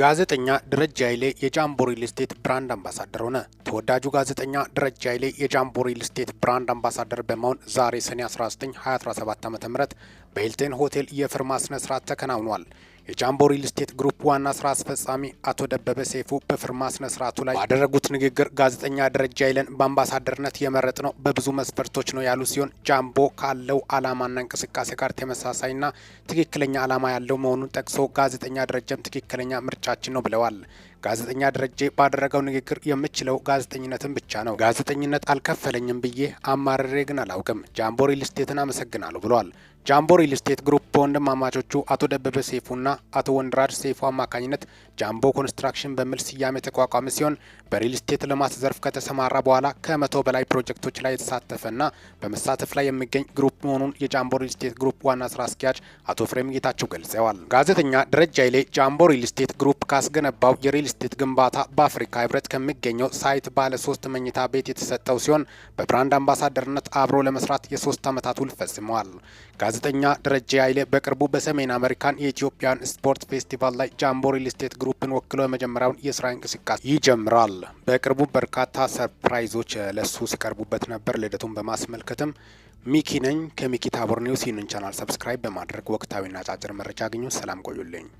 ጋዜጠኛ ደረጀ ኃይሌ የጃምቦሪ ሪል ብራንድ አምባሳደር ሆነ። ተወዳጁ ጋዜጠኛ ደረጀ ኃይሌ የጃምቦሪ ሪል ብራንድ አምባሳደር በመሆን ዛሬ ሰኔ 19 2017 ዓ ም በሂልተን ሆቴል የፊርማ ስነ ስርዓት ተከናውኗል። የጃምቦ ሪል ስቴት ግሩፕ ዋና ስራ አስፈጻሚ አቶ ደበበ ሰይፉ በፊርማ ስነ ስርዓቱ ላይ ባደረጉት ንግግር ጋዜጠኛ ደረጃ ይለን በአምባሳደርነት የመረጥ ነው በብዙ መስፈርቶች ነው ያሉ ሲሆን ጃምቦ ካለው አላማና እንቅስቃሴ ጋር ተመሳሳይና ትክክለኛ አላማ ያለው መሆኑን ጠቅሶ ጋዜጠኛ ደረጀም ትክክለኛ ምርጫችን ነው ብለዋል። ጋዜጠኛ ደረጀ ባደረገው ንግግር የምችለው ጋዜጠኝነትን ብቻ ነው። ጋዜጠኝነት አልከፈለኝም ብዬ አማረሬ ግን አላውቅም። ጃምቦ ሪል ስቴትን አመሰግናለሁ ብሏል። ጃምቦ ሪል ስቴት ግሩፕ በወንድማማቾቹ አቶ ደበበ ሰይፉና አቶ ወንድራድ ሴፉ አማካኝነት ጃምቦ ኮንስትራክሽን በሚል ስያሜ የተቋቋመ ሲሆን በሪል ስቴት ልማት ዘርፍ ከተሰማራ በኋላ ከመቶ በላይ ፕሮጀክቶች ላይ የተሳተፈና በመሳተፍ ላይ የሚገኝ ግሩፕ መሆኑን የጃምቦ ሪል ስቴት ግሩፕ ዋና ስራ አስኪያጅ አቶ ፍሬም ጌታቸው ገልጸዋል። ጋዜጠኛ ደረጀ ኃይሌ ጃምቦ ሪል ስቴት ግሩፕ ካስገነባው የሪል የስቴት ግንባታ በአፍሪካ ህብረት ከሚገኘው ሳይት ባለ ሶስት መኝታ ቤት የተሰጠው ሲሆን በብራንድ አምባሳደርነት አብሮ ለመስራት የሶስት ዓመታት ውል ፈጽመዋል። ጋዜጠኛ ደረጀ ኃይሌ በቅርቡ በሰሜን አሜሪካን የኢትዮጵያን ስፖርት ፌስቲቫል ላይ ጃምቦ ሪል ግሩፕን ወክሎ የመጀመሪያውን የስራ እንቅስቃሴ ይጀምራል። በቅርቡ በርካታ ሰርፕራይዞች ለሱ ሲቀርቡበት ነበር። ልደቱን በማስመልከትም ሚኪ ነኝ ከሚኪ ታቦር ኒውስ። ይህንን ቻናል ሰብስክራይብ በማድረግ ወቅታዊና አጫጭር መረጃ አግኙ። ሰላም ቆዩልኝ።